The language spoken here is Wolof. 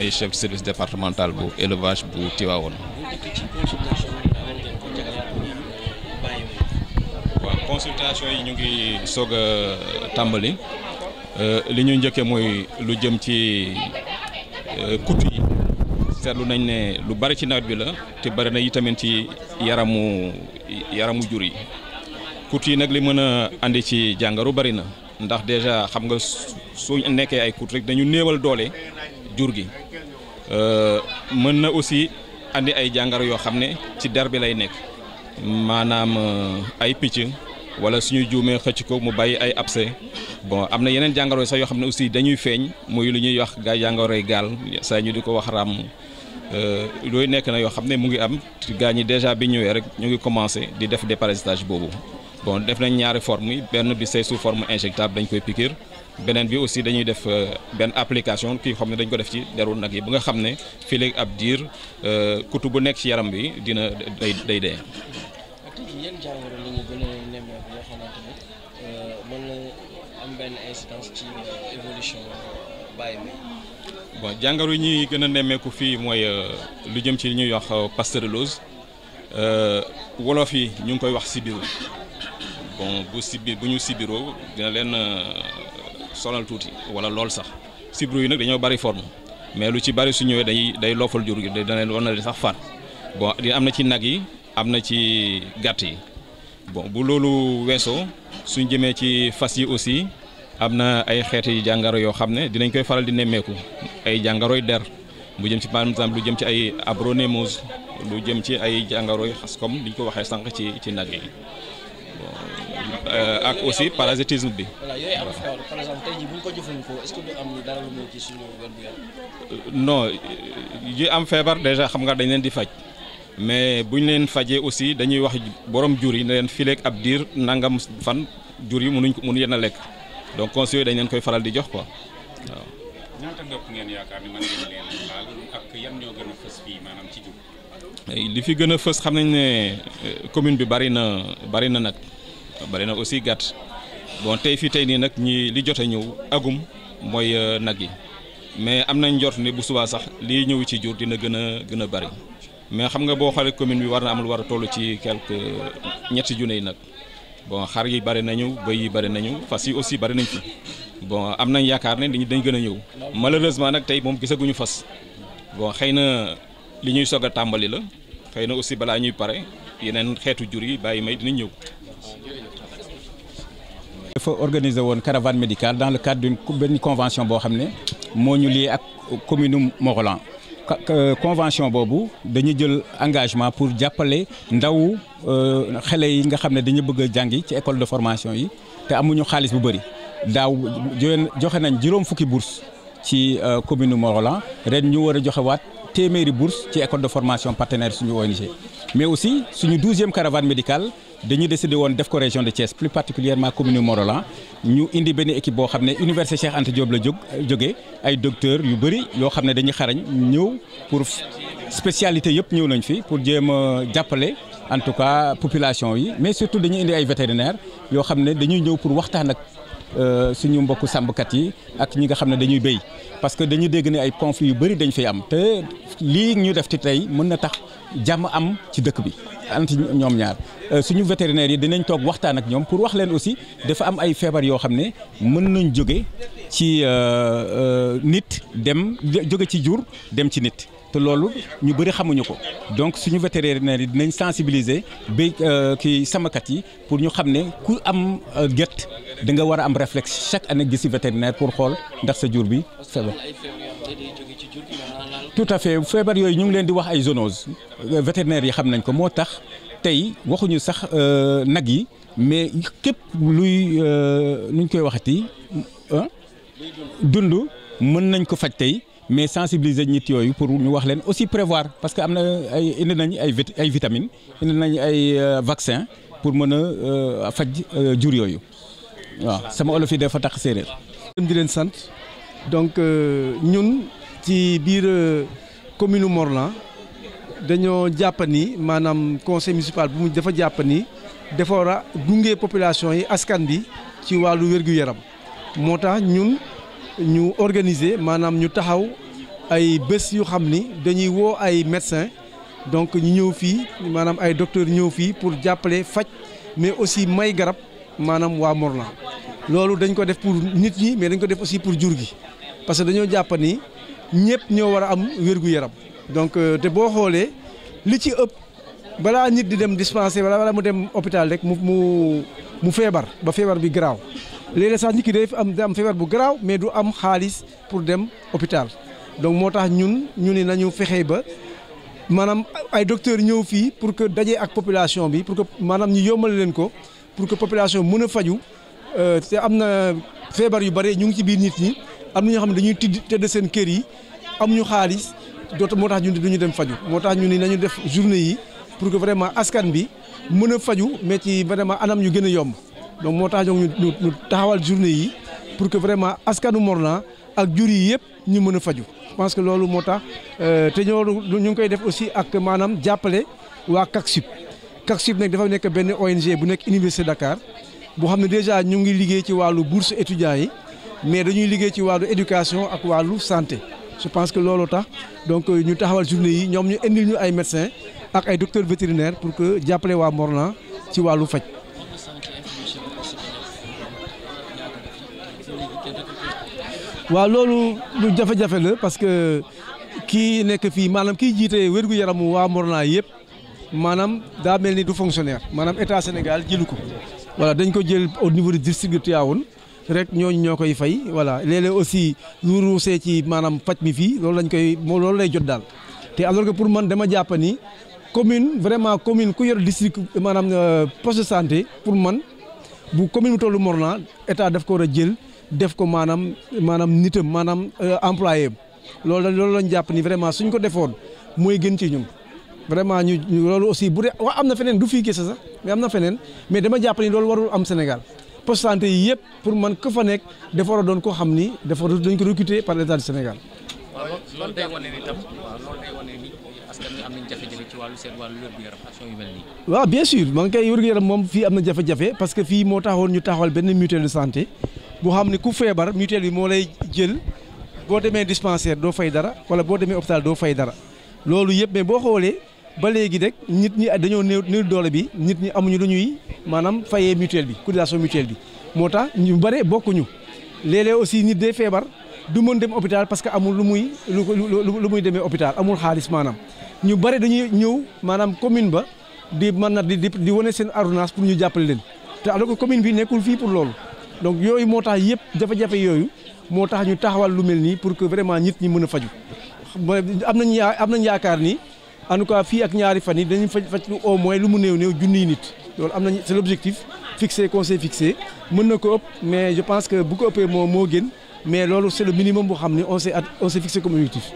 ay chef service départemental bu élevage bu Tivaouane waaw consultation yi ñu ngi soog a tàmbali euh, li ñu njëkkee mooy lu jëm ci kutu euh, yi seetlu nañ ne lu bari ci nawet bi la te bari na tamit ci yaramu yaramu jur yi kutu yi nag li mën a andi ci jàngaru bari na ndax déjà xam nga su nekkee ay kutu rek dañu néewal doole jur gi Euh, mën na aussi andi ay jàngaro yoo xam ne ci dar bi lay nekk maanaam euh, ay picc wala suñu juumee xëcc ko mu bàyyi ay abcès bon am na yeneen jàngaro sax yoo xam ne aussi dañuy feeñ muy lu ñuy wax gaa jàngoroy gaal saa ñu di ko wax ràmm looyu euh, nekk na yoo xam ne mu ngi am gaa ñi déjà bi ñëwee rek ñu ngi commencé di def déparasitage boobu bon def nañ ñaari forme yi benn bi c'est sous forme injectable dañ koy piqûre beneen bi aussi dañuy def euh, benn application kii xam ne dañ ko def ci derul nag yi bu nga xam ne fii ab diir euh, kutu bu nekk ci yaram bi dina day day dee. Euh, bon jàngoro yi ñuy gën a nemmeeku fii mooy lu jëm ci li ñuy wax pasteurellose wolof yi ñu ngi koy wax sibiru bon bu sibbi bu ñu sibiroo dina leen euh, sonal tuuti wala lool sax sibiro yi nag dañoo bari forme mais lu ci bari su ñëwee day day loofal jur gi dina leen war na leen sax faat bon di am na ci nag yi am na ci gàtt yi bon bu loolu weesoo suñ jëmee ci fas yi aussi am na ay xeeti jàngaro yoo xam ne dinañ koy faral di nemmeeku ay jàngaroy der mu jëm ci par exemple lu jëm ci ay abronémose lu jëm ci ay jàngaroy xas comme li ñu ko waxee sànq ci ci nag yi Euh, ak aussi parasitisme bi. voilà par exemple tey jii bu ñu ko jëfandikoo am dara lu muy ci suñu wér euh, euh, yi am feebar déjà xam nga dañ leen di faj mais bu ñu leen fajee aussi dañuy wax boroom jur yi ne leen fileek ab diir nangam fan jur yi mënuñ ko mënu leen a lekk donc conseils dañ leen koy faral di jox ko waaw. ñaata ndëpp yaakaar ni mën ngeen yan ñoo a fës fii maanaam li fi gën a fës xam nañ ne commune bi bari na bari na nag. bari na aussi gàtt bon tey fii tey nii nag ñi li jot a ñëw agum mooy euh, nag yi mais am nañ njort ne bu subaa sax lii ñëw ci jur dina gën a gën a bari mais xam nga boo xoolee commune bi war na amul war a toll ci quelque euh, ñetti junne yi nag bon xar yi bari nañu bëy yi bari nañu fas yi aussi bari nañ fi bon am nañ yaakaar ne dañ dañ gën a ñëw malheureusement nag tey moom gisaguñu fas bon xëy na li ñuy soog a tàmbali la xëy na aussi balaa ñuy pare yeneen xeetu jur yi bàyyi may dinañ ñëw dafa organiser woon caravane médicale dans le cadre d'une benn convention boo xam ne moo ñu lii ak commune Morolan convention boobu dañu jël engagement pour jàppale ndaw euh, xale yi nga xam ne dañu bëgg a jàngi ci école de formation yi te amuñu xaalis bu bëri daaw joxe nañ juróom fukki bourse ci euh, commune Morolan ren ñu war a joxewaat téeméeri bourse ci école de formation partenaire suñu ONG mais aussi suñu douzième caravane médical dañu décidé woon def ko région de Thiès plus particulièrement commune Morolan ñu indi benn équipe boo xam ne université Cheikh Anta Diop la jóg jógee ay docteurs yu bëri yoo xam ne dañuy xarañ ñëw pour spécialité yëpp ñëw nañ fi pour jéem a jàppale en tout cas population yi mais surtout dañu indi ay vétérinaires yoo xam ne dañuy ñëw pour waxtaan ak Euh, suñu mbokku sàmbkat yi ak ñi nga xam ne dañuy béy parce que dañu dégg ne ay conflits yu bëri dañ fay am te lii ñu def ci tey mën na tax jàmm am ci dëkk bi anti ñoom ñaar euh, suñu vétérinaires yi dinañ toog waxtaan ak ñoom pour wax leen aussi dafa am ay feebar yoo xam ne mën nañ jóge ci euh, nit dem jóge ci jur dem ci nit te loolu ñu bëri xamuñu ko donc suñu vétérinaires yi dinañ sensibiliser béy kii samakat yi pour ñu xam ne ku am gett da nga war a am réflexe chaque année gisi vétérinaire pour xool ndax sa jur bi feebar tout à fait feebar yooyu ñu ngi leen di wax ay zoonoses vétérinaire yi xam nañ ko moo tax tey waxuñu sax euh, nag yi mais képp luy euh, nuñ koy waxati dund mën nañ ko faj tey mais sensibiliser nit yooyu pour ñu wax leen aussi prévoir parce que am na ay indi nañ ay ay vitamines indi nañ ay euh, vaccin pour mën a faj jur yooyu waaw sama olof dafa tax séeréer. di leen sant donc euh, ñun ci biir euh, commune Morlan dañoo jàpp ni maanaam conseil municipal bu mu dafa jàpp ni dafa war a gunge population yi askan bi ci wàllu wér-gu-yaram moo tax ñun ñu organiser maanaam ñu taxaw ay bés yu xam ni dañuy woo ay médecins donc ñu ñëw fii maanaam ay docteurs ñëw fii pour jàppale faj mais aussi may garab maanaam waa Morlan loolu dañ ko def pour nit ñi mais dañ ko def aussi pour jur gi parce que dañoo jàpp ni ñëpp ñoo war a am wér-gu-yaram donc euh, te boo xoolee li ci ëpp balaa nit di dem dispensaire balaa mu dem hôpital rek mu mu mu feebar ba feebar bi garaaw léeg sax nit ki day am am feebar bu garaaw mais du am xaalis pour dem hôpital donc moo tax ñun ñu ni nañu fexee ba maanaam ay docteurs ñëw fii pour que dajee ak population bi pour que maanaam ñu yombal leen ko pour que population mën a faju Euh, te am na feebar yu bare ñu ngi ci biir nit ñi am na ñoo xam ne dañuy tidd tëdd seen kër yi amuñu xaalis doot moo tax ñu duñu dem faju moo tax ñu ni nañu def journée yi pour que vraiment askan bi mën a faju mais ci vraiment anam yu gën a yomb donc moo tax ñu ñu taxawal journée yi pour que vraiment askanu Morlan ak jur yi yëpp ñu mën a faju je que loolu moo tax euh, te ñoo ngi koy def aussi ak maanaam jàppale waa CACSUB CACSUB nag dafa nekk benn ONG bu nekk Université Dakar boo xam ne déjà ñu ngi liggéey ci wàllu bourse étudiants yi mais dañuy liggéey ci wàllu éducation ak wàllu santé je pense que loolu tax donc euh, ñu taxawal journée yi ñoom ñu indi ñu ay médecins ak ay docteurs vétérinaire pour que jàppale waa Morlan ci wàllu faj. waaw loolu lu jafe-jafe la parce que kii nekk fii maanaam kiy jiite wér-gu-yaramu waa Morlan yëpp. maanaam daa mel ni du fonctionnaire maanaam état Sénégal jëlu ko voilà dañ ko jël au niveau du district de Tivaouane rek ñooñu ñoo koy fay voilà léeg aussi lu ruusee ci maanaam faj mi fii loolu lañ koy moo loolu lay jot daal te alors que pour man dama jàpp ni commune vraiment commune ku yor district maanaam euh, poste de santé pour man bu commune bu tollu Morna état def ko war a jël def ko maanaam maanaam nitam maanaam euh, employé am loolu loolu lañ jàpp ni vraiment suñ ko defoon mooy gën ci ñun. vraiment ñu loolu aussi bu dee wax am na feneen du fii kese sax am na feneen mais dama jàpp loolu warul am Sénégal poste santé yi yëpp pour man ku fa nekk dafa war doon koo xam ni dafa dañ ko par l' état du Sénégal. loolu day wane ni tam loolu day wane ni askan waaw bien sûr man kay wér yaram moom fii am na jafe-jafe parce que fii moo taxoon ñu taxawal benn mutuelle de santé boo xam ne ku feebar mutuelle bi moo lay jël boo demee dispensaire doo fay dara wala boo demee hôpital doo fay dara loolu yëpp mais boo xoolee. ba léegi rek nit ñi dañoo néew néew doole bi nit ñi amuñu lu ñuy maanaam fayee mutuelle bi cotisation mutuelle bi moo tax ñu bare bokkuñu léeg-léeg aussi nit day feebar du mën dem hôpital parce que amul lu muy lu ko lu muy demee hôpital amul xaalis maanaam ñu bare dañuy ñëw maanaam commune ba di mën na di di wane seen ordonnance pour ñu jàppale leen te alors que commune bi nekkul fii pour loolu donc yooyu moo tax yëpp jafe-jafe yooyu moo tax ñu taxawal lu mel nii pour que vraiment nit ñi mën a faju am nañu am nañu yaakaar ni. en tout cas fii ak ñaari fan yi dañu faj faj au moins lu mu néew néew junniy nit loolu am nañu c'est l'objectif fixé qu'on s'est mën na ko ëpp mais je pense que bu ko ëppee moo moo gën mais loolu c'est le minimum boo xam ne on s'est on s'est fixé comme objectif